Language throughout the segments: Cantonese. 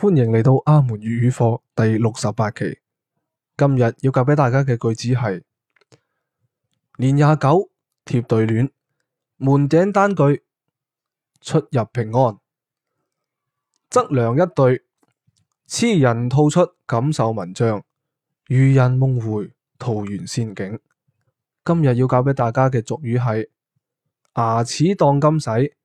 歡迎嚟到阿門粵語課第六十八期。今日要教俾大家嘅句子係：年廿九貼對聯，門頂單句出入平安，側梁一對痴人吐出錦繡文章，愚子夢回桃園仙境。今日要教俾大家嘅俗語係：牙齒當金使。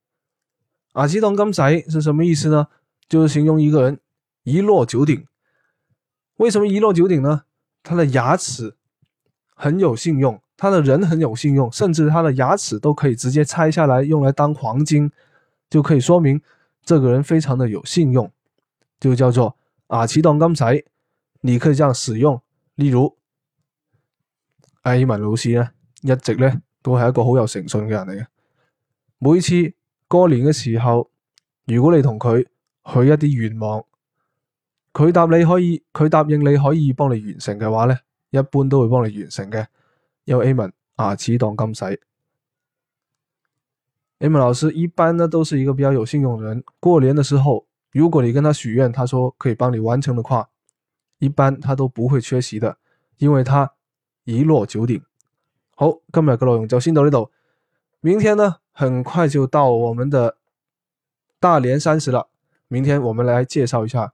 牙齒當金使是什麼意思呢？就是形容一個人。一諾九鼎，為什麼一諾九鼎呢？他的牙齒很有信用，他的人很有信用，甚至他的牙齒都可以直接拆下來用來當黃金，就可以說明這個人非常的有信用，就叫做啊，牙齒當金使，你可以這樣使用。例如，阿門老師呢，一直呢都係一個好有誠信嘅人嚟嘅。每一次過年嘅時候，如果你同佢許一啲願望，佢答你可以，佢答應你可以幫你完成嘅話呢，一般都會幫你完成嘅。有阿門牙齒當金使，阿門老師一般呢都是一個比較有信用人。過年嘅時候，如果你跟他許願，他說可以幫你完成嘅話，一般他都不會缺席的，因為他一諾九鼎。好，今日嘅內容就先到呢度，明天呢很快就到我們的大年三十啦。明天我們來介紹一下。